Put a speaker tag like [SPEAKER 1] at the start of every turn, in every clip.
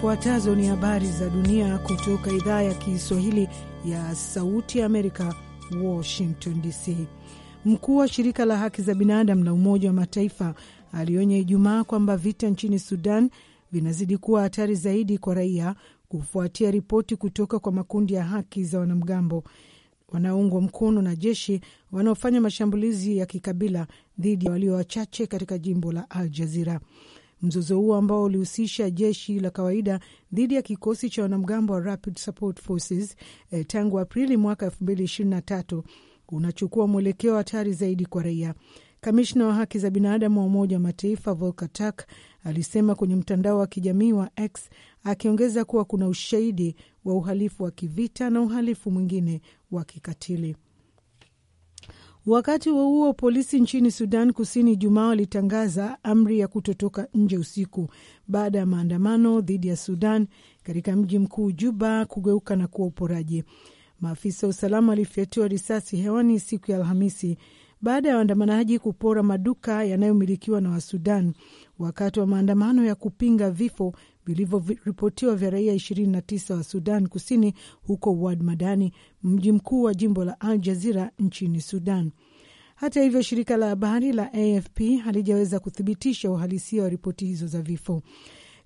[SPEAKER 1] Zifuatazo ni habari za dunia kutoka idhaa ya Kiswahili ya Sauti ya Amerika, Washington DC. Mkuu wa shirika la haki za binadamu la Umoja wa Mataifa alionya Ijumaa kwamba vita nchini Sudan vinazidi kuwa hatari zaidi kwa raia kufuatia ripoti kutoka kwa makundi ya haki za wanamgambo wanaoungwa mkono na jeshi wanaofanya mashambulizi ya kikabila dhidi ya walio wachache katika jimbo la Al Jazira. Mzozo huo ambao ulihusisha jeshi la kawaida dhidi ya kikosi cha wanamgambo wa Rapid Support Forces eh, tangu Aprili mwaka 2023 unachukua mwelekeo hatari zaidi kwa raia. Kamishna wa haki za binadamu wa Umoja wa Mataifa Volker Turk alisema kwenye mtandao wa kijamii wa X, akiongeza kuwa kuna ushahidi wa uhalifu wa kivita na uhalifu mwingine wa kikatili. Wakati wa huo polisi nchini Sudan Kusini Jumaa walitangaza amri ya kutotoka nje usiku baada ya maandamano dhidi ya Sudan katika mji mkuu Juba kugeuka na kuwa uporaji. Maafisa wa usalama walifyatiwa risasi hewani siku ya Alhamisi baada ya waandamanaji kupora maduka yanayomilikiwa na Wasudan wakati wa maandamano ya kupinga vifo vilivyoripotiwa vya raia 29 wa Sudan Kusini huko Wad Madani, mji mkuu wa jimbo la Al Jazira nchini Sudan. Hata hivyo, shirika la habari la AFP halijaweza kuthibitisha uhalisia wa ripoti hizo za vifo.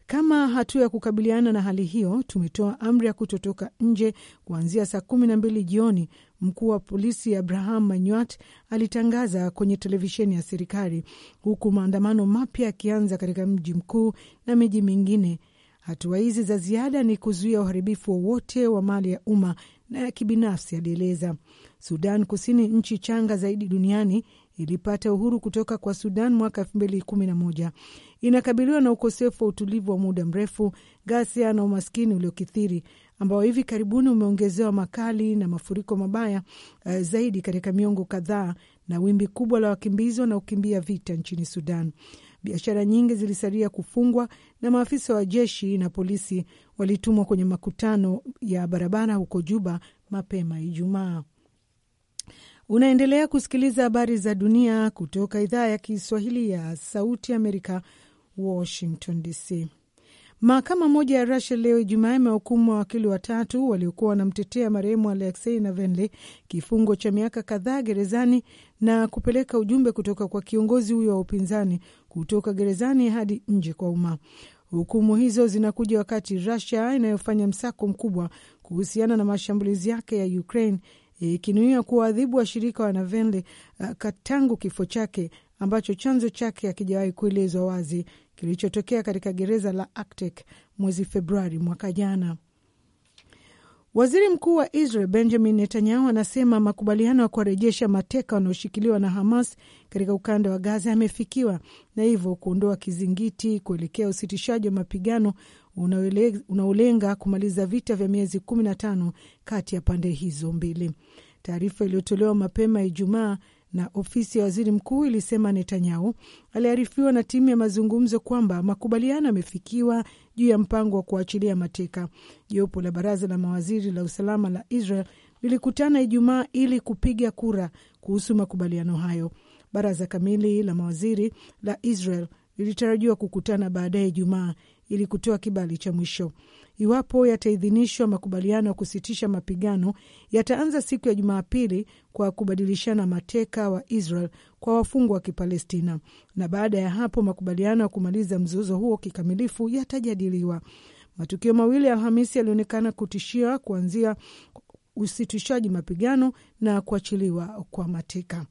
[SPEAKER 1] Kama hatua ya kukabiliana na hali hiyo, tumetoa amri ya kutotoka nje kuanzia saa kumi na mbili jioni, mkuu wa polisi Abraham Manywat alitangaza kwenye televisheni ya serikali, huku maandamano mapya yakianza katika mji mkuu na miji mingine Hatua hizi za ziada ni kuzuia uharibifu wowote wa mali ya umma na ya kibinafsi, alieleza. Sudan Kusini, nchi changa zaidi duniani, ilipata uhuru kutoka kwa Sudan mwaka elfu mbili kumi na moja. Inakabiliwa na ukosefu wa utulivu wa muda mrefu, ghasia na umaskini uliokithiri ambao hivi karibuni umeongezewa makali na mafuriko mabaya uh, zaidi katika miongo kadhaa na wimbi kubwa la wakimbizi wanaokimbia vita nchini Sudan biashara nyingi zilisalia kufungwa na maafisa wa jeshi na polisi walitumwa kwenye makutano ya barabara huko Juba mapema Ijumaa. Unaendelea kusikiliza habari za dunia kutoka idhaa ya Kiswahili ya Sauti Amerika, Washington DC. Mahakama moja ya Rusia leo Ijumaa imehukumu mawakili watatu waliokuwa wanamtetea marehemu Aleksei Navalny kifungo cha miaka kadhaa gerezani na kupeleka ujumbe kutoka kwa kiongozi huyo wa upinzani kutoka gerezani hadi nje kwa umma. Hukumu hizo zinakuja wakati Rusia inayofanya msako mkubwa kuhusiana na mashambulizi yake ya Ukraine ikinuia kuwaadhibu washirika wa Navalny eh, tangu kifo chake ambacho chanzo chake hakijawahi kuelezwa wazi kilichotokea katika gereza la Arctic mwezi Februari mwaka jana. Waziri Mkuu wa Israel Benjamin Netanyahu anasema makubaliano ya kuwarejesha mateka wanaoshikiliwa na Hamas katika ukanda wa Gaza yamefikiwa na hivyo kuondoa kizingiti kuelekea usitishaji wa mapigano unaolenga kumaliza vita vya miezi 15 kati ya pande hizo mbili. Taarifa iliyotolewa mapema Ijumaa na ofisi ya waziri mkuu ilisema Netanyahu aliarifiwa na timu ya mazungumzo kwamba makubaliano yamefikiwa juu ya mpango wa kuachilia mateka. Jopo la baraza la mawaziri la usalama la Israel lilikutana Ijumaa ili kupiga kura kuhusu makubaliano hayo. Baraza kamili la mawaziri la Israel lilitarajiwa kukutana baadaye Ijumaa ili kutoa kibali cha mwisho. Iwapo yataidhinishwa, makubaliano ya kusitisha mapigano yataanza siku ya Jumapili kwa kubadilishana mateka wa Israel kwa wafungwa wa Kipalestina, na baada ya hapo makubaliano ya kumaliza mzozo huo kikamilifu yatajadiliwa. Matukio mawili ya Alhamisi yalionekana kutishia kuanzia usitishaji mapigano na kuachiliwa kwa mateka.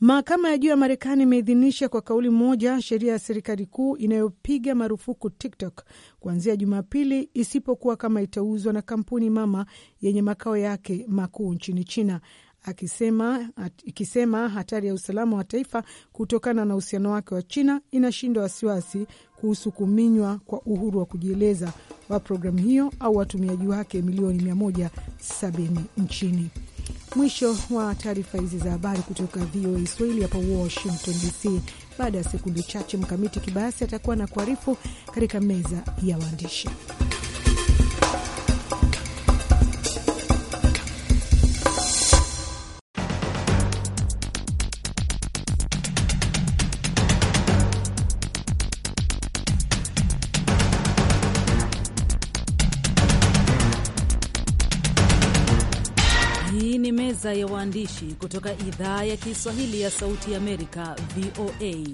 [SPEAKER 1] Mahakama ya juu ya Marekani imeidhinisha kwa kauli moja sheria ya serikali kuu inayopiga marufuku TikTok kuanzia Jumapili, isipokuwa kama itauzwa na kampuni mama yenye makao yake makuu nchini China, akisema ikisema hatari ya usalama wa taifa kutokana na uhusiano wake wa China inashinda wasiwasi kuhusu kuminywa kwa uhuru wa kujieleza wa programu hiyo au watumiaji wake milioni 170 nchini. Mwisho wa taarifa hizi za habari kutoka VOA Swahili hapa Washington DC. Baada ya sekunde chache, Mkamiti Kibayasi atakuwa na kuarifu katika meza ya waandishi.
[SPEAKER 2] baraza ya waandishi kutoka idhaa ya Kiswahili ya Sauti Amerika, VOA.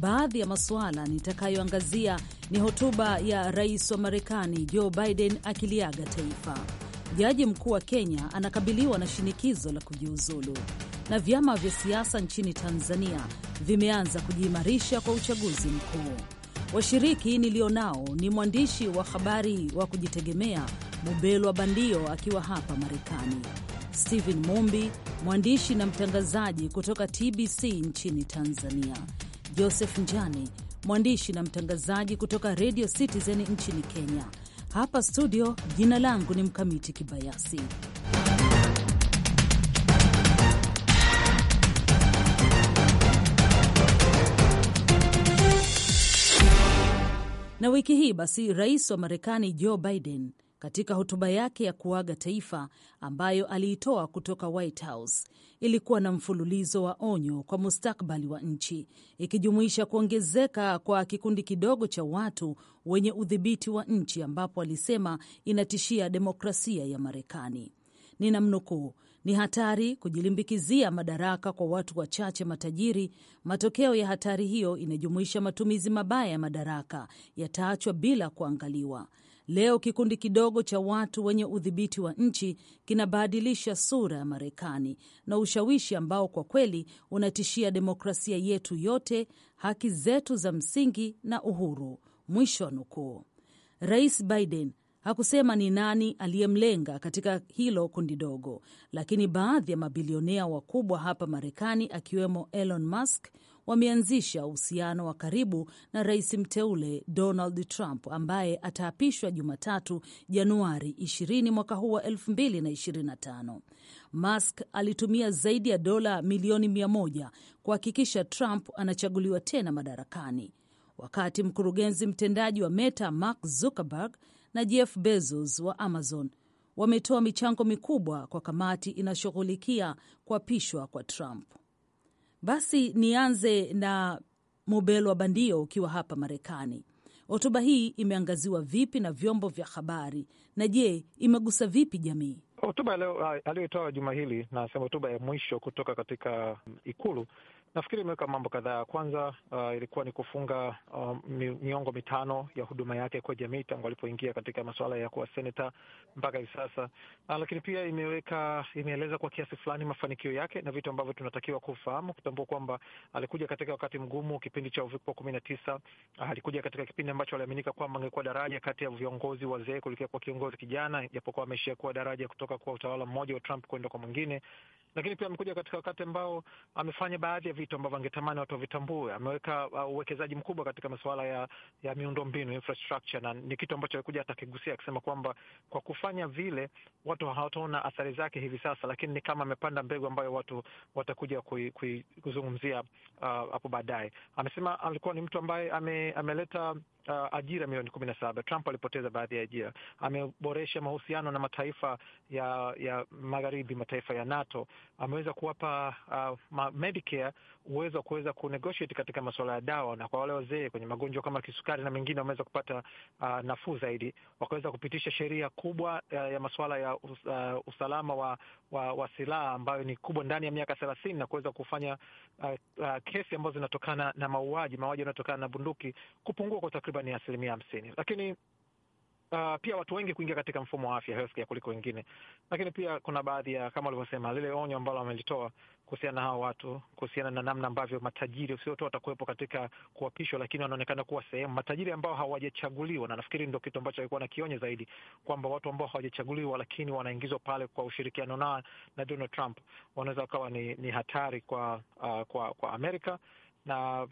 [SPEAKER 2] Baadhi ya masuala nitakayoangazia ni hotuba ya rais wa Marekani Joe Biden akiliaga taifa, jaji mkuu wa Kenya anakabiliwa na shinikizo la kujiuzulu, na vyama vya siasa nchini Tanzania vimeanza kujiimarisha kwa uchaguzi mkuu. Washiriki nilionao ni mwandishi wa habari wa kujitegemea Mubelwa Bandio akiwa hapa Marekani, Stephen Mumbi, mwandishi na mtangazaji kutoka TBC nchini Tanzania, Joseph Njani, mwandishi na mtangazaji kutoka Radio Citizen nchini Kenya. Hapa studio, jina langu ni Mkamiti Kibayasi. Na wiki hii basi, rais wa Marekani Joe Biden katika hotuba yake ya kuaga taifa ambayo aliitoa kutoka White House, ilikuwa na mfululizo wa onyo kwa mustakabali wa nchi, ikijumuisha kuongezeka kwa kikundi kidogo cha watu wenye udhibiti wa nchi, ambapo alisema inatishia demokrasia ya Marekani. Ninamnukuu, ni hatari kujilimbikizia madaraka kwa watu wachache matajiri. Matokeo ya hatari hiyo inajumuisha matumizi mabaya ya madaraka yataachwa bila kuangaliwa. Leo kikundi kidogo cha watu wenye udhibiti wa nchi kinabadilisha sura ya Marekani na ushawishi ambao kwa kweli unatishia demokrasia yetu yote, haki zetu za msingi na uhuru. Mwisho wa nukuu. Rais Biden hakusema ni nani aliyemlenga katika hilo kundi dogo, lakini baadhi ya mabilionea wakubwa hapa Marekani akiwemo Elon Musk wameanzisha uhusiano wa karibu na rais mteule Donald Trump ambaye ataapishwa Jumatatu, Januari 20 mwaka huu wa 2025. Musk alitumia zaidi ya dola milioni 100 kuhakikisha Trump anachaguliwa tena madarakani, wakati mkurugenzi mtendaji wa Meta Mark Zuckerberg na Jeff Bezos wa Amazon wametoa michango mikubwa kwa kamati inashughulikia kuapishwa kwa Trump. Basi nianze na Mobelwa Bandio, ukiwa hapa Marekani. Hotuba hii imeangaziwa vipi na vyombo vya habari, na je, imegusa vipi jamii?
[SPEAKER 3] Hotuba ah, aliyoitoa juma hili, nasema hotuba ya mwisho kutoka katika mm, Ikulu Nafikiri imeweka mambo kadhaa. Kwanza uh, ilikuwa ni kufunga um, miongo mitano ya huduma yake kwa jamii tangu alipoingia katika masuala ya kuwa senata mpaka hivi sasa uh, lakini pia imeweka imeeleza kwa kiasi fulani mafanikio yake na vitu ambavyo tunatakiwa kufahamu, kutambua kwamba alikuja katika wakati mgumu, kipindi cha uviko kumi na tisa. Uh, alikuja katika kipindi ambacho aliaminika kwamba angekuwa daraja kati ya viongozi wazee kulikia kwa kiongozi kijana, japokuwa ameishia kuwa daraja kutoka kwa utawala mmoja wa Trump kwenda kwa mwingine, lakini pia amekuja katika wakati ambao amefanya baadhi ya vitu ambavyo angetamani watu wavitambue. Ameweka uh, uwekezaji uh, mkubwa katika masuala ya, ya miundombinu infrastructure, na ni kitu ambacho alikuja atakigusia akisema kwamba kwa kufanya vile watu hawataona athari zake hivi sasa, lakini ni kama amepanda mbegu ambayo watu watakuja kuzungumzia uh, hapo uh, baadaye. Amesema alikuwa ni mtu ambaye ameleta ame uh, ajira milioni kumi na saba. Trump alipoteza baadhi ya ajira. Ameboresha mahusiano na mataifa ya ya magharibi, mataifa ya NATO. Ameweza kuwapa uh, Medicare uwezo wa kuweza kunegotiate katika masuala ya dawa, na kwa wale wazee kwenye magonjwa kama kisukari na mengine wameweza kupata uh, nafuu zaidi. Wakaweza kupitisha sheria kubwa uh, ya masuala ya uh, usalama wa, wa, wa silaha ambayo ni kubwa ndani ya miaka thelathini na kuweza kufanya uh, uh, kesi ambazo zinatokana na mauaji mauaji yanayotokana na bunduki kupungua kwa takriban takriban asilimia hamsini, lakini Uh, pia watu wengi kuingia katika mfumo wa afya healthcare kuliko wengine, lakini pia kuna baadhi ya kama walivyosema lile onyo ambalo wamelitoa kuhusiana na hao watu, kuhusiana na namna ambavyo matajiri sio tu watakuwepo katika kuapishwa, lakini wanaonekana kuwa sehemu matajiri ambao hawajachaguliwa, na nafikiri ndio kitu ambacho alikuwa na kionye zaidi kwamba watu ambao hawajachaguliwa, lakini wanaingizwa pale kwa ushirikiano na na Donald Trump wanaweza wakawa ni, ni hatari kwa, uh, kwa, kwa Amerika na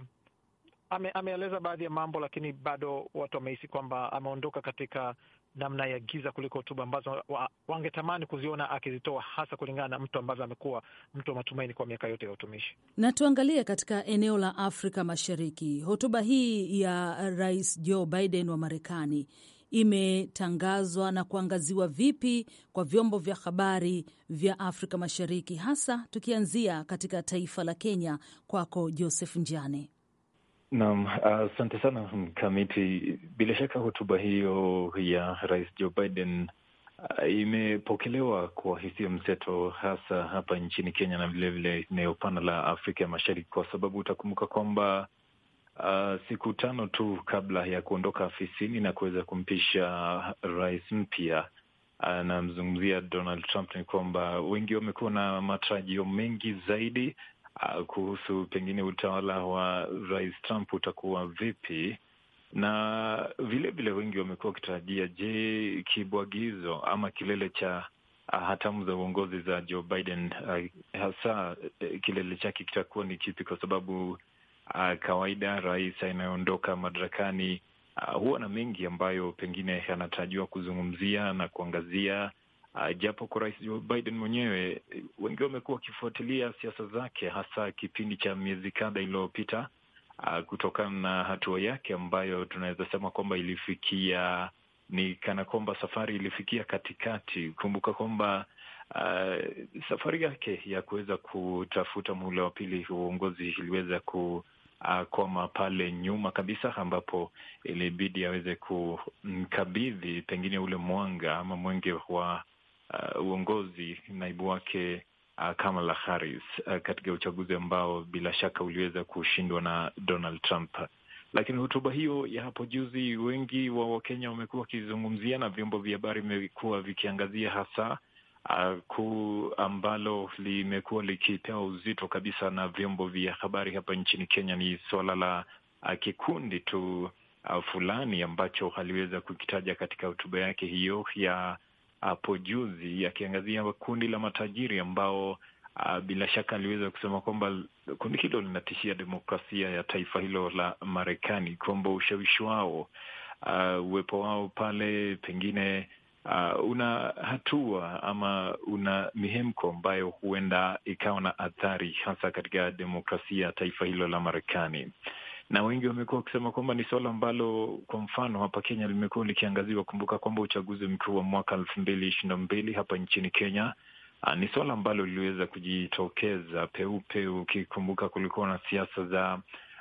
[SPEAKER 3] ame, ameeleza baadhi ya mambo, lakini bado watu wamehisi kwamba ameondoka katika namna ya giza kuliko hotuba ambazo wa, wangetamani kuziona akizitoa, hasa kulingana na mtu ambavyo amekuwa mtu wa matumaini kwa miaka yote ya utumishi.
[SPEAKER 2] Na tuangalie katika eneo la Afrika Mashariki, hotuba hii ya Rais Joe Biden wa Marekani imetangazwa na kuangaziwa vipi kwa vyombo vya habari vya Afrika Mashariki, hasa tukianzia katika taifa la Kenya. Kwako Joseph Njane.
[SPEAKER 4] Naam, asante uh, sana Mkamiti. Bila shaka hotuba hiyo ya Rais Joe Biden uh, imepokelewa kwa hisia mseto, hasa hapa nchini Kenya na vilevile eneo pana la Afrika ya Mashariki, kwa sababu utakumbuka kwamba uh, siku tano tu kabla ya kuondoka afisini na kuweza kumpisha rais mpya anamzungumzia ah, Donald Trump ni kwamba wengi wamekuwa na matarajio mengi zaidi uh, kuhusu pengine utawala wa Rais Trump utakuwa vipi, na vilevile wengi wamekuwa wakitarajia, je, kibwagizo ama kilele cha ah, hatamu za uongozi za Joe Biden uh, hasa uh, kilele chake kitakuwa ni kipi? Kwa sababu uh, kawaida rais anayeondoka madarakani uh, huwa na mengi ambayo pengine anatarajiwa kuzungumzia na kuangazia Uh, japo kwa Rais Joe Biden mwenyewe wengi wamekuwa wakifuatilia siasa zake hasa kipindi cha miezi kadha iliyopita, uh, kutokana na hatua yake ambayo tunaweza sema kwamba ilifikia ni kana kwamba safari ilifikia katikati. Kumbuka kwamba uh, safari yake ya kuweza kutafuta muhula wa pili uongozi iliweza ku kwama pale nyuma kabisa ambapo ilibidi aweze kumkabidhi pengine ule mwanga ama mwenge wa uh, uongozi naibu wake uh, Kamala Harris uh, katika uchaguzi ambao bila shaka uliweza kushindwa na Donald Trump. Lakini hotuba hiyo ya hapo juzi, wengi wa Wakenya wamekuwa wakizungumzia na vyombo vya habari vimekuwa vikiangazia hasa Uh, kuu ambalo limekuwa likipewa uzito kabisa na vyombo vya habari hapa nchini Kenya ni suala la uh, kikundi tu uh, fulani ambacho aliweza kukitaja katika hotuba yake hiyo ya hapo juzi akiangazia kundi la matajiri ambao Uh, bila shaka aliweza kusema kwamba kundi hilo linatishia demokrasia ya taifa hilo la Marekani, kwamba ushawishi wao, uh, uwepo wao pale pengine uh, una hatua ama una mihemko ambayo huenda ikawa na athari hasa katika demokrasia ya taifa hilo la Marekani na wengi wamekuwa wakisema kwamba ni suala ambalo kwa mfano hapa Kenya limekuwa likiangaziwa. Kumbuka kwamba uchaguzi mkuu wa mwaka elfu mbili ishirini na mbili hapa nchini Kenya ah, ni suala ambalo liliweza kujitokeza peupe. Ukikumbuka kulikuwa na siasa za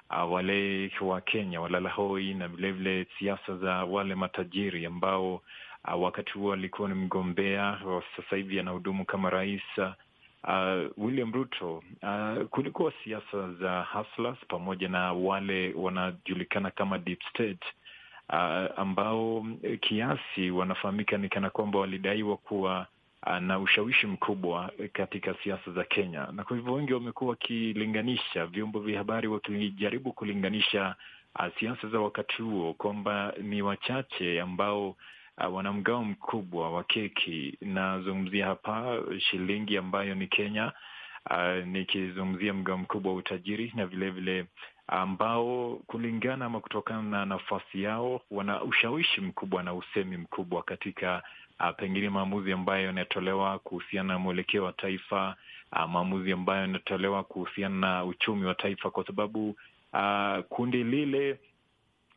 [SPEAKER 4] ah, wale wa Kenya walalahoi na vilevile siasa za wale matajiri ambao ah, wakati huo alikuwa ni mgombea, sasa hivi anahudumu kama rais uh, William Ruto uh, kulikuwa siasa za hustlers pamoja na wale wanajulikana kama deep state uh, ambao eh, kiasi wanafahamika ni kana kwamba walidaiwa kuwa uh, na ushawishi mkubwa katika siasa za Kenya, na kwa hivyo wengi wamekuwa wakilinganisha, vyombo vya habari wakijaribu kulinganisha uh, siasa za wakati huo kwamba ni wachache ambao Ah, wanamgao mkubwa wa keki. Nazungumzia hapa shilingi ambayo ni Kenya, uh, nikizungumzia mgao mkubwa wa utajiri na vilevile vile ambao kulingana ama kutokana na nafasi yao wana ushawishi mkubwa na usemi mkubwa katika uh, pengine maamuzi ambayo yanatolewa kuhusiana na mwelekeo wa taifa uh, maamuzi ambayo yanatolewa kuhusiana na uchumi wa taifa, kwa sababu uh, kundi lile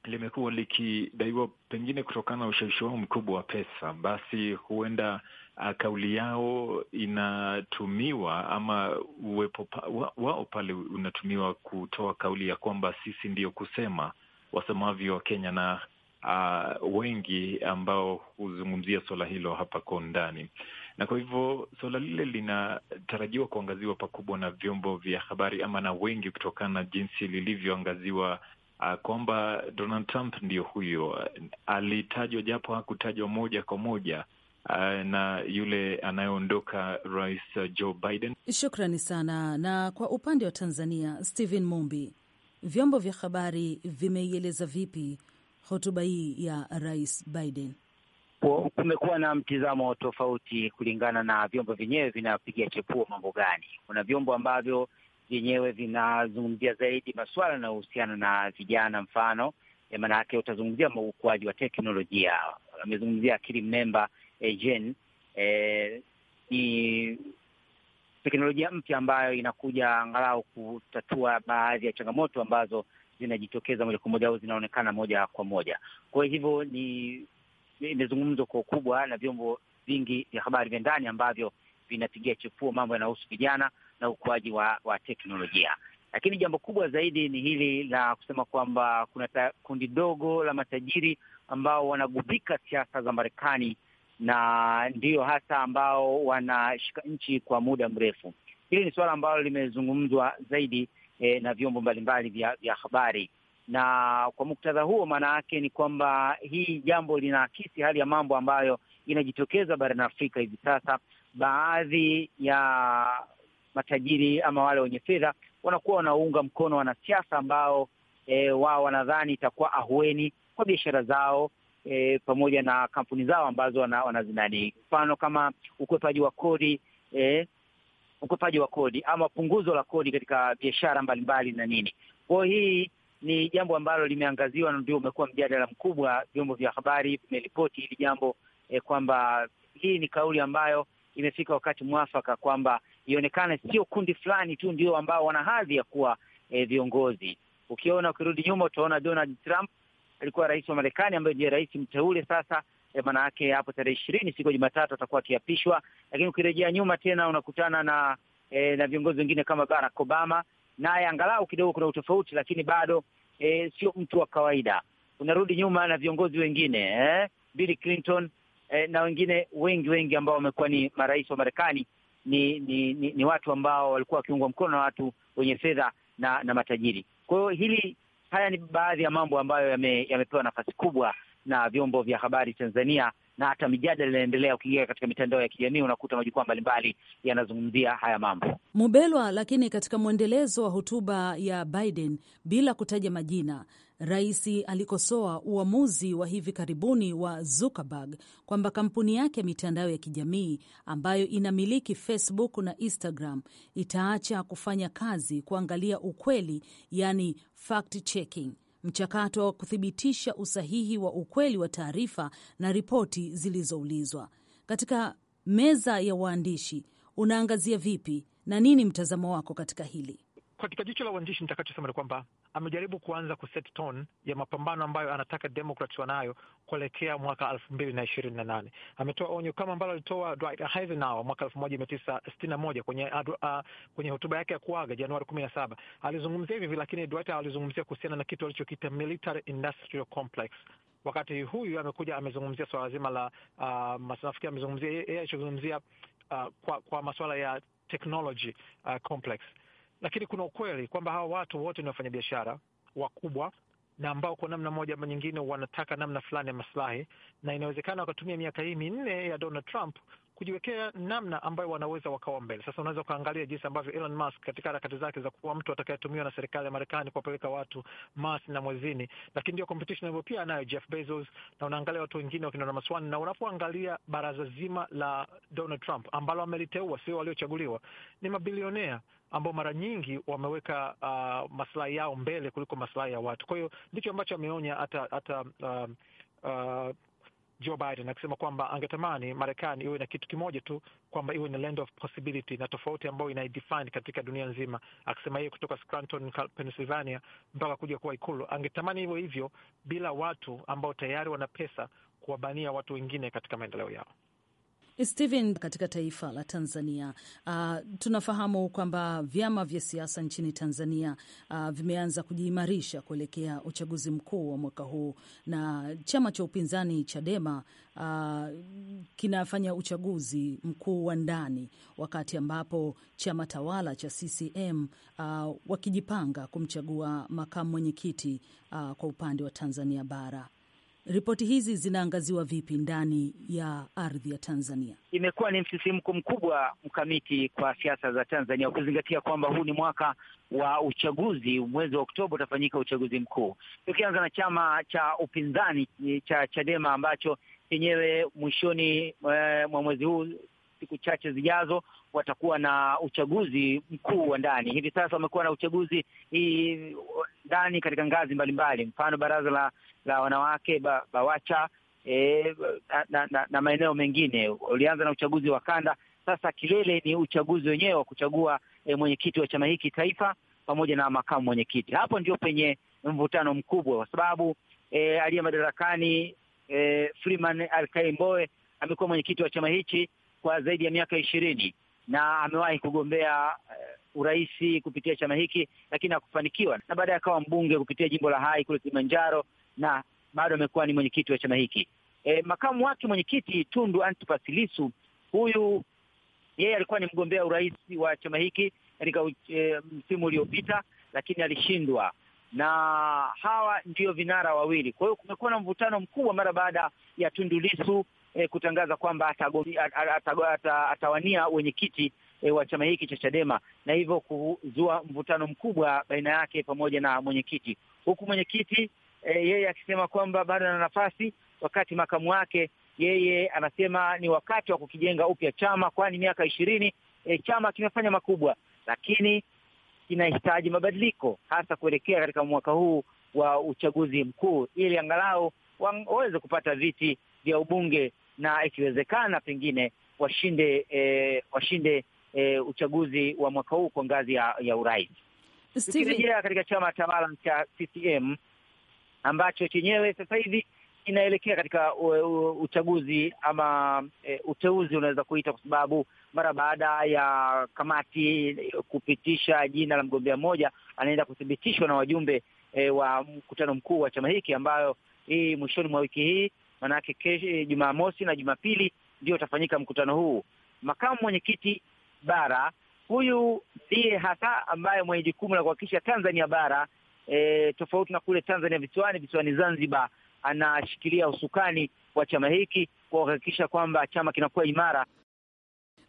[SPEAKER 4] limekuwa likidaiwa pengine kutokana na ushawishi wao mkubwa wa pesa, basi huenda uh, kauli yao inatumiwa ama uwepo wa, wao pale unatumiwa kutoa kauli ya kwamba sisi ndio kusema wasemavyo wa kenya na uh, wengi ambao huzungumzia suala hilo hapa kwa undani, na kwa hivyo suala lile linatarajiwa kuangaziwa pakubwa na vyombo vya habari ama na wengi kutokana na jinsi lilivyoangaziwa uh, kwamba Donald Trump ndio huyo alitajwa, japo hakutajwa moja kwa moja ah, na yule anayeondoka Rais Joe Biden.
[SPEAKER 2] Shukrani sana. Na kwa upande wa Tanzania, Stephen Mumbi, vyombo vya habari vimeieleza vipi hotuba hii ya Rais Biden?
[SPEAKER 5] Kumekuwa na mtizamo tofauti kulingana na vyombo vyenyewe vinapiga chepuo mambo gani. Kuna vyombo ambavyo vyenyewe vinazungumzia zaidi masuala yanayohusiana na vijana, mfano eh, maanayake utazungumzia ukuaji wa teknolojia, amezungumzia akili mnemba eh, gen. E, ni teknolojia mpya ambayo inakuja angalau kutatua baadhi ya changamoto ambazo zinajitokeza moja kwa moja au zinaonekana moja kwa moja. Kwa hivyo ni imezungumzwa kwa ukubwa na vyombo vingi vya habari vya ndani ambavyo vinapigia chepuo mambo yanayohusu vijana na ukuaji wa, wa teknolojia. Lakini jambo kubwa zaidi ni hili la kusema kwamba kuna ta, kundi dogo la matajiri ambao wanagubika siasa za Marekani na ndiyo hasa ambao wanashika nchi kwa muda mrefu. Hili ni suala ambalo limezungumzwa zaidi eh, na vyombo mbalimbali vya, vya habari na kwa muktadha huo, maana yake ni kwamba hii jambo linaakisi hali ya mambo ambayo inajitokeza barani Afrika hivi sasa, baadhi ya matajiri ama wale wenye fedha wanakuwa wanaunga mkono wanasiasa ambao e, wao wanadhani itakuwa ahueni kwa biashara zao e, pamoja na kampuni zao ambazo wanazinani. Mfano kama ukwepaji wa kodi e, ukwepaji wa kodi ama punguzo la kodi katika biashara mbalimbali na nini. kwao hii ni jambo ambalo limeangaziwa na ndio umekuwa mjadala mkubwa. Vyombo vya habari vimeripoti hili jambo e, kwamba hii ni kauli ambayo imefika wakati mwafaka kwamba ionekane sio kundi fulani tu ndio ambao wana hadhi ya kuwa e, viongozi. Ukiona ukirudi nyuma utaona Donald Trump alikuwa rais wa Marekani ambaye ndiye rais mteule sasa. E, maana yake hapo tarehe ishirini siku ya Jumatatu atakuwa akiapishwa, lakini ukirejea nyuma tena unakutana na e, na viongozi wengine kama Barack Obama, naye angalau kidogo kuna utofauti, lakini bado e, sio mtu wa kawaida. Unarudi nyuma na viongozi wengine eh? Bill Clinton eh, na wengine wengi wengi ambao wamekuwa ni marais wa Marekani ni ni, ni ni watu ambao walikuwa wakiungwa mkono na watu wenye fedha na na matajiri. Kwa hiyo hili haya ni baadhi ya mambo ambayo yamepewa yame nafasi kubwa na vyombo vya habari Tanzania na hata mijadala inaendelea. Ukiingia katika mitandao ya kijamii unakuta majukwaa mbalimbali yanazungumzia haya mambo.
[SPEAKER 2] Mubelwa, lakini katika mwendelezo wa hotuba ya Biden bila kutaja majina Rais alikosoa uamuzi wa hivi karibuni wa Zuckerberg kwamba kampuni yake ya mitandao ya kijamii ambayo inamiliki Facebook na Instagram itaacha kufanya kazi kuangalia ukweli, yani fact checking, mchakato wa kuthibitisha usahihi wa ukweli wa taarifa na ripoti zilizoulizwa. Katika meza ya waandishi unaangazia vipi na nini mtazamo wako katika hili?
[SPEAKER 3] katika jicho la uandishi nitakachosema ni kwamba amejaribu kuanza kuset tone ya mapambano ambayo anataka Demokrat wanayo kuelekea mwaka elfu mbili na ishirini na nane. Ametoa onyo kama ambalo alitoa Dwight Eisenhower mwaka elfu moja mia tisa sitini na moja kwenye, uh, kwenye hotuba yake ya kuaga Januari kumi na saba alizungumzia hivi, lakini Dwight alizungumzia kuhusiana na kitu alichokiita military industrial complex wakati huyu amekuja amezungumzia swala zima la uh, nafikiri amezungumzia yeye alichozungumzia uh, kwa, kwa masuala ya technology uh, complex lakini kuna ukweli kwamba hawa watu wote ni wafanyabiashara wakubwa na ambao kwa namna moja ama nyingine wanataka namna fulani ya maslahi, na inawezekana wakatumia miaka hii minne ya Donald Trump kujiwekea namna ambayo wanaweza wakawa mbele. Sasa unaweza ukaangalia jinsi ambavyo Elon Musk katika harakati zake za kuwa mtu atakayetumiwa na serikali ya Marekani kuwapeleka watu Mars na mwezini, lakini ndio competition ambayo pia anayo Jeff Bezos, na unaangalia watu wengine wakina Ramaswani, na unapoangalia baraza zima la Donald Trump ambalo ameliteua, sio waliochaguliwa, ni mabilionea ambao mara nyingi wameweka uh, maslahi yao mbele kuliko maslahi ya watu. Kwa hiyo ndicho ambacho ameonya hata hata um, uh, uh, Joe Biden akisema kwamba angetamani Marekani iwe na kitu kimoja tu, kwamba iwe na land of possibility na tofauti ambayo inaidefine katika dunia nzima. Akisema yeye kutoka Scranton, Pennsylvania mpaka kuja kuwa Ikulu, angetamani hivyo hivyo bila watu ambao tayari wana pesa kuwabania watu wengine katika maendeleo yao.
[SPEAKER 2] Steven, katika taifa la Tanzania uh, tunafahamu kwamba vyama vya siasa nchini Tanzania uh, vimeanza kujiimarisha kuelekea uchaguzi mkuu wa mwaka huu, na chama cha upinzani Chadema uh, kinafanya uchaguzi mkuu wa ndani, wakati ambapo chama tawala cha CCM uh, wakijipanga kumchagua makamu mwenyekiti uh, kwa upande wa Tanzania bara. Ripoti hizi zinaangaziwa vipi ndani ya ardhi ya Tanzania?
[SPEAKER 5] Imekuwa ni msisimko mkubwa mkamiti kwa siasa za Tanzania, ukizingatia kwamba huu ni mwaka wa uchaguzi. Mwezi wa Oktoba utafanyika uchaguzi mkuu. Tukianza na chama cha upinzani cha Chadema ambacho chenyewe mwishoni eh, mwa mwezi huu, siku chache zijazo, watakuwa na uchaguzi mkuu wa ndani. Hivi sasa wamekuwa na uchaguzi hii ndani katika ngazi mbalimbali, mfano baraza la, la wanawake ba, BAWACHA e, na, na, na maeneo mengine. Ulianza na uchaguzi wa kanda, sasa kilele ni uchaguzi wenyewe wa kuchagua e, mwenyekiti wa chama hiki taifa pamoja na makamu mwenyekiti. Hapo ndio penye mvutano mkubwa, kwa sababu e, aliye madarakani e, Freeman Mbowe amekuwa mwenyekiti wa chama hichi kwa zaidi ya miaka ishirini na amewahi kugombea uh, eh, urais kupitia chama hiki, lakini hakufanikiwa, na baadaye akawa mbunge kupitia jimbo la Hai kule Kilimanjaro, na bado amekuwa ni mwenyekiti wa chama hiki. E, makamu wake mwenyekiti Tundu Antipas Lissu, huyu yeye alikuwa ni mgombea urais wa chama hiki katika e, msimu uliopita, lakini alishindwa, na hawa ndio vinara wawili. Kwa hiyo kumekuwa na mvutano mkubwa mara baada ya Tundu Lissu eh, kutangaza kwamba atawania wenye kiti wenyekiti e, wa chama hiki cha Chadema na hivyo kuzua mvutano mkubwa baina yake pamoja na mwenyekiti, huku mwenyekiti e, yeye akisema kwamba bado ana nafasi, wakati makamu wake yeye anasema ni wakati wa kukijenga upya chama, kwani miaka ishirini e, chama kimefanya makubwa, lakini kinahitaji mabadiliko hasa kuelekea katika mwaka huu wa uchaguzi mkuu ili angalau waweze kupata viti vya ubunge na ikiwezekana pengine washinde e, washinde e, uchaguzi wa mwaka huu kwa ngazi ya, ya urais. Tukirejea katika chama tawala cha CCM ambacho chenyewe sasa hivi inaelekea katika uchaguzi ama e, uteuzi unaweza kuita, kwa sababu mara baada ya kamati kupitisha jina la mgombea mmoja anaenda kuthibitishwa na wajumbe e, wa mkutano mkuu wa chama hiki ambayo hii mwishoni mwa wiki hii maanake kesho eh, Jumamosi na Jumapili ndio utafanyika mkutano huu. Makamu mwenyekiti bara huyu ndiye hasa ambaye mwenye jukumu la kuhakikisha Tanzania bara e, tofauti na kule Tanzania visiwani, visiwani Zanzibar, anashikilia usukani wa chama hiki kwa kuhakikisha kwamba chama kinakuwa imara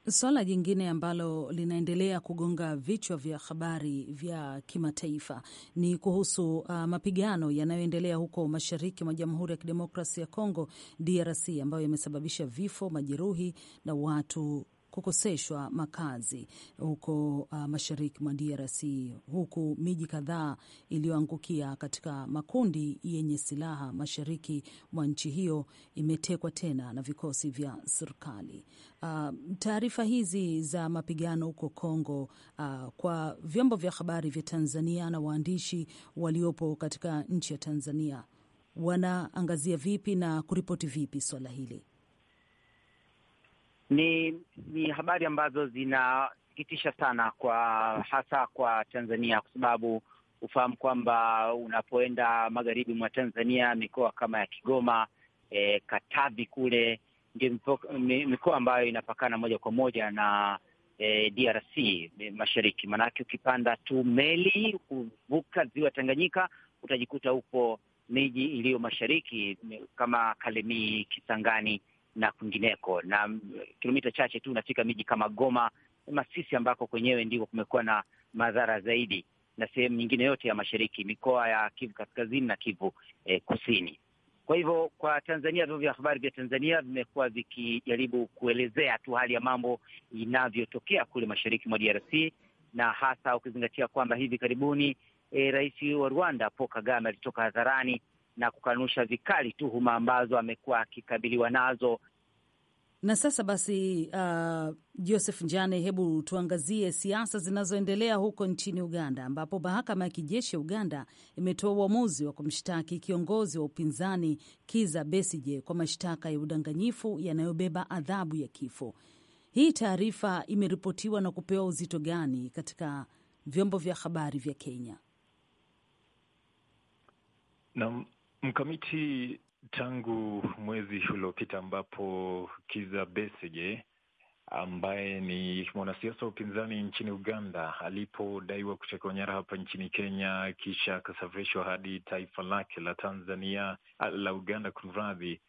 [SPEAKER 2] Swala jingine ambalo linaendelea kugonga vichwa vya habari vya kimataifa ni kuhusu uh, mapigano yanayoendelea huko mashariki mwa Jamhuri ya Kidemokrasia ya Kongo DRC ambayo yamesababisha vifo, majeruhi na watu kukoseshwa makazi huko uh, mashariki mwa DRC, huku miji kadhaa iliyoangukia katika makundi yenye silaha mashariki mwa nchi hiyo imetekwa tena na vikosi vya serikali. Uh, taarifa hizi za mapigano huko Kongo uh, kwa vyombo vya habari vya Tanzania na waandishi waliopo katika nchi ya Tanzania wanaangazia vipi na kuripoti vipi swala hili?
[SPEAKER 5] Ni ni habari ambazo zinasikitisha sana kwa hasa kwa Tanzania kwa sababu hufahamu kwamba unapoenda magharibi mwa Tanzania, mikoa kama ya Kigoma, e, Katavi kule ndio mikoa ambayo inapakana moja kwa moja na e, DRC e, mashariki. Maanake ukipanda tu meli kuvuka ziwa Tanganyika utajikuta upo miji iliyo mashariki kama Kalemie, Kisangani na kwingineko, na mm, kilomita chache tu unafika miji kama Goma, Masisi, ambako kwenyewe ndiko kumekuwa na madhara zaidi, na sehemu nyingine yote ya mashariki, mikoa ya Kivu kaskazini na Kivu eh, kusini. Kwa hivyo kwa Tanzania, vyombo vya habari vya Tanzania vimekuwa vikijaribu kuelezea tu hali ya mambo inavyotokea kule mashariki mwa DRC, na hasa ukizingatia kwamba hivi karibuni eh, rais wa Rwanda Paul Kagame alitoka hadharani na kukanusha vikali tuhuma ambazo amekuwa akikabiliwa nazo.
[SPEAKER 2] Na sasa basi, uh, Joseph Njane, hebu tuangazie siasa zinazoendelea huko nchini Uganda, ambapo mahakama ya kijeshi ya Uganda imetoa uamuzi wa kumshtaki kiongozi wa upinzani Kiza Besije kwa mashtaka ya udanganyifu yanayobeba adhabu ya kifo. Hii taarifa imeripotiwa na kupewa uzito gani katika vyombo vya habari vya Kenya?
[SPEAKER 4] Mkamiti, tangu mwezi uliopita ambapo Kiza Besigye ambaye ni mwanasiasa wa upinzani nchini Uganda alipodaiwa kutekwa nyara hapa nchini Kenya, kisha akasafirishwa hadi taifa lake la Tanzania la Uganda, kumradhi.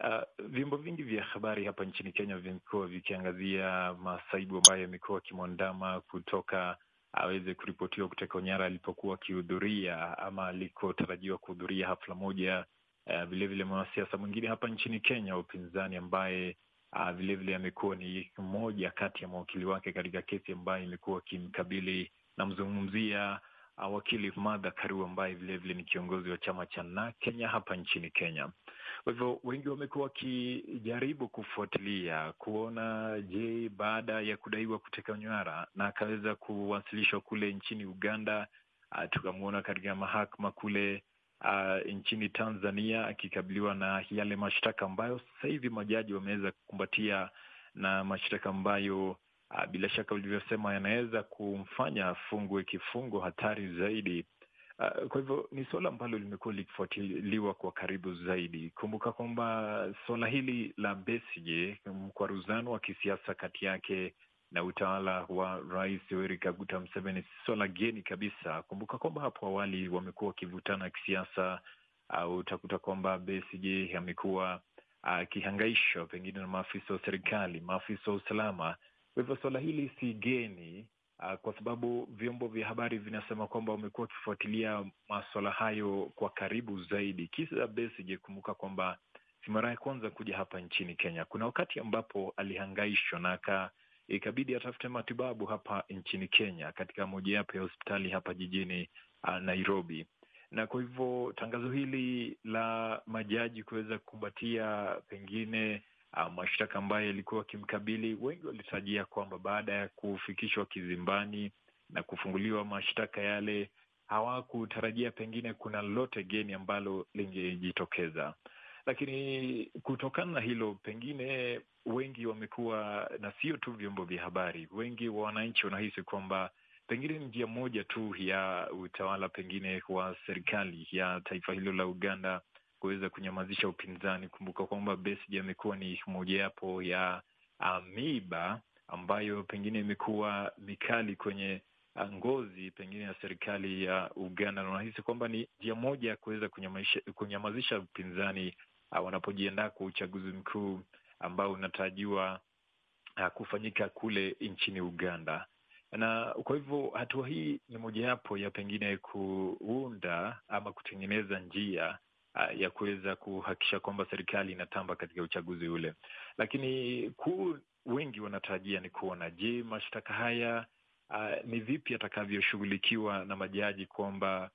[SPEAKER 4] Uh, ah, vyombo vingi vya habari hapa nchini Kenya vimekuwa vikiangazia masaibu ambayo yamekuwa akimwandama kutoka aweze kuripotiwa kuteka nyara alipokuwa akihudhuria ama alikotarajiwa kuhudhuria hafla moja. Vilevile eh, uh, vile mwanasiasa mwingine hapa nchini Kenya wa upinzani ambaye vilevile ah, amekuwa ni mmoja kati ya mawakili wake katika kesi ambayo imekuwa akimkabili namzungumzia uh, ah, wakili Martha Karua ambaye vilevile ni kiongozi wa chama cha Na Kenya hapa nchini Kenya. Kwa hivyo wengi wamekuwa wakijaribu kufuatilia kuona, je, baada ya kudaiwa kuteka nywara na akaweza kuwasilishwa kule nchini Uganda, ah, tukamwona katika mahakama kule Uh, nchini Tanzania akikabiliwa na yale mashtaka ambayo sasa hivi majaji wameweza kukumbatia na mashtaka ambayo uh, bila shaka ulivyosema yanaweza kumfanya afungwe kifungo hatari zaidi Uh, kwa hivyo ni suala ambalo limekuwa likifuatiliwa kwa karibu zaidi. Kumbuka kwamba suala hili la Besigye, mkwaruzano wa kisiasa kati yake na utawala wa Rais Yoweri Kaguta Museveni si suala geni kabisa. Kumbuka kwamba hapo awali wamekuwa wakivutana kisiasa. au uh, utakuta kwamba Besigye amekuwa akihangaishwa pengine na maafisa wa serikali, maafisa wa usalama. Kwa hivyo suala hili si geni Ah, kwa sababu vyombo vya habari vinasema kwamba wamekuwa wakifuatilia maswala hayo kwa karibu zaidi. Kizza Besigye, kumbuka kwamba si mara ya kwanza kuja hapa nchini Kenya. Kuna wakati ambapo alihangaishwa na aka ikabidi atafute matibabu hapa nchini Kenya katika mojawapo ya hospitali hapa jijini uh, Nairobi, na kwa hivyo tangazo hili la majaji kuweza kukumbatia pengine uh, mashtaka ambayo yalikuwa wakimkabili wengi walitarajia kwamba baada ya kufikishwa kizimbani na kufunguliwa mashtaka yale hawakutarajia pengine kuna lolote geni ambalo lingejitokeza, lakini kutokana na hilo, pengine wengi wamekuwa na, sio tu vyombo vya habari, wengi wa wananchi wanahisi kwamba pengine ni njia moja tu ya utawala pengine wa serikali ya taifa hilo la Uganda kuweza kunyamazisha upinzani. Kumbuka kwamba Besigye amekuwa ni mojawapo ya ah, miba ambayo pengine imekuwa mikali kwenye ah, ngozi pengine ya serikali ya Uganda, na unahisi kwamba ni njia moja ya kuweza kunyamazisha upinzani ah, wanapojiandaa kwa uchaguzi mkuu ambao unatarajiwa kufanyika kule nchini Uganda. Na kwa hivyo hatua hii ni mojawapo ya pengine kuunda ama kutengeneza njia uh, ya kuweza kuhakikisha kwamba serikali inatamba katika uchaguzi ule, lakini kuu wengi wanatarajia ni kuona, je, mashtaka haya uh, ni vipi atakavyoshughulikiwa na majaji kwamba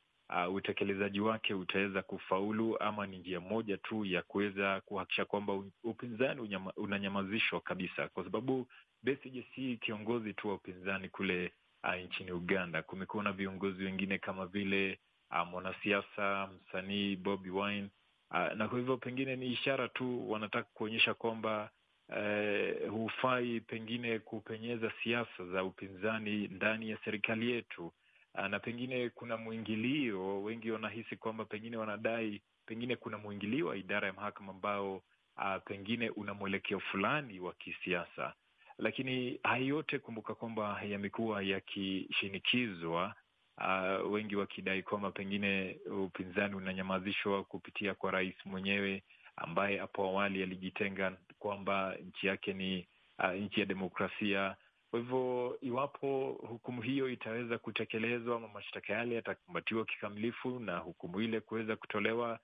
[SPEAKER 4] Uh, utekelezaji wake utaweza kufaulu ama ni njia moja tu ya kuweza kuhakikisha kwamba upinzani unanyamazishwa kabisa, kwa sababu Besigye si kiongozi tu wa upinzani kule uh, nchini Uganda. Kumekuwa na viongozi wengine kama vile Ah, mwanasiasa, msanii Bobi Wine, ah, na kwa hivyo pengine ni ishara tu wanataka kuonyesha kwamba uh, hufai pengine kupenyeza siasa za upinzani ndani ya serikali yetu, ah, na pengine kuna mwingilio. Wengi wanahisi kwamba pengine wanadai pengine kuna mwingilio wa idara ya mahakama ambao Uh, pengine una mwelekeo fulani wa kisiasa, lakini haya yote kumbuka kwamba yamekuwa yakishinikizwa uh, wengi wakidai kwamba pengine upinzani unanyamazishwa kupitia kwa rais mwenyewe ambaye hapo awali alijitenga kwamba nchi yake ni uh, nchi ya demokrasia. Kwa hivyo iwapo hukumu hiyo itaweza kutekelezwa ama mashtaka yale yatakumbatiwa kikamilifu na hukumu ile kuweza kutolewa,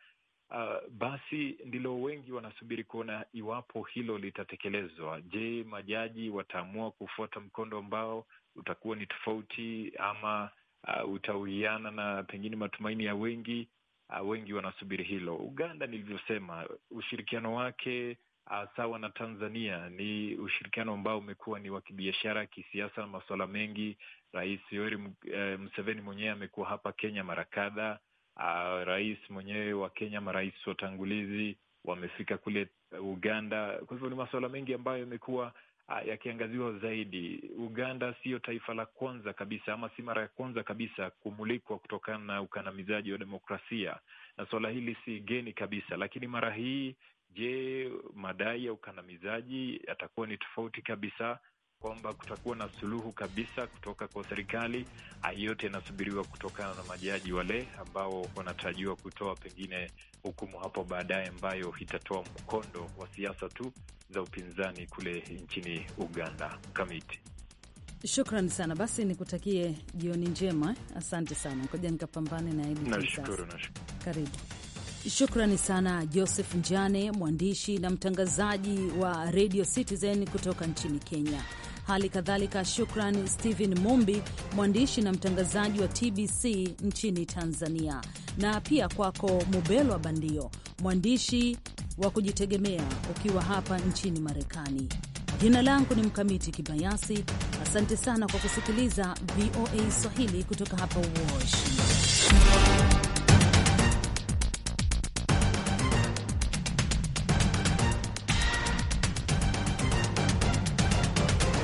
[SPEAKER 4] uh, basi ndilo wengi wanasubiri kuona iwapo hilo litatekelezwa. Je, majaji wataamua kufuata mkondo ambao utakuwa ni tofauti ama uh, utawiana na pengine matumaini ya wengi uh, wengi wanasubiri hilo. Uganda nilivyosema, ushirikiano wake uh, sawa na Tanzania ni ushirikiano ambao umekuwa ni wa kibiashara, kisiasa na masuala mengi. Rais Yoweri uh, Museveni mwenyewe amekuwa hapa Kenya mara kadhaa. Uh, rais mwenyewe wa Kenya, marais watangulizi wamefika kule Uganda. Kwa hivyo ni masuala mengi ambayo yamekuwa Ah, yakiangaziwa zaidi. Uganda siyo taifa la kwanza kabisa ama si mara ya kwanza kabisa kumulikwa kutokana na ukandamizaji wa demokrasia, na suala hili si geni kabisa, lakini mara hii, je, madai ya ukandamizaji yatakuwa ni tofauti kabisa? kwamba kutakuwa na suluhu kabisa kutoka kwa serikali. Yote yanasubiriwa kutokana na majaji wale ambao wanatarajiwa kutoa pengine hukumu hapo baadaye, ambayo itatoa mkondo wa siasa tu za upinzani kule nchini Uganda. Kamiti,
[SPEAKER 2] shukran sana. Basi nikutakie jioni njema, asante sana. Ngoja nikapambane na Nashukuru, nashukuru. Karibu. Shukrani sana Joseph Njane, mwandishi na mtangazaji wa Radio Citizen kutoka nchini Kenya. Hali kadhalika shukran Stephen Mumbi, mwandishi na mtangazaji wa TBC nchini Tanzania, na pia kwako Mubelwa Bandio, mwandishi wa kujitegemea ukiwa hapa nchini Marekani. Jina langu ni Mkamiti Kibayasi. Asante sana kwa kusikiliza VOA Swahili kutoka hapa Washington.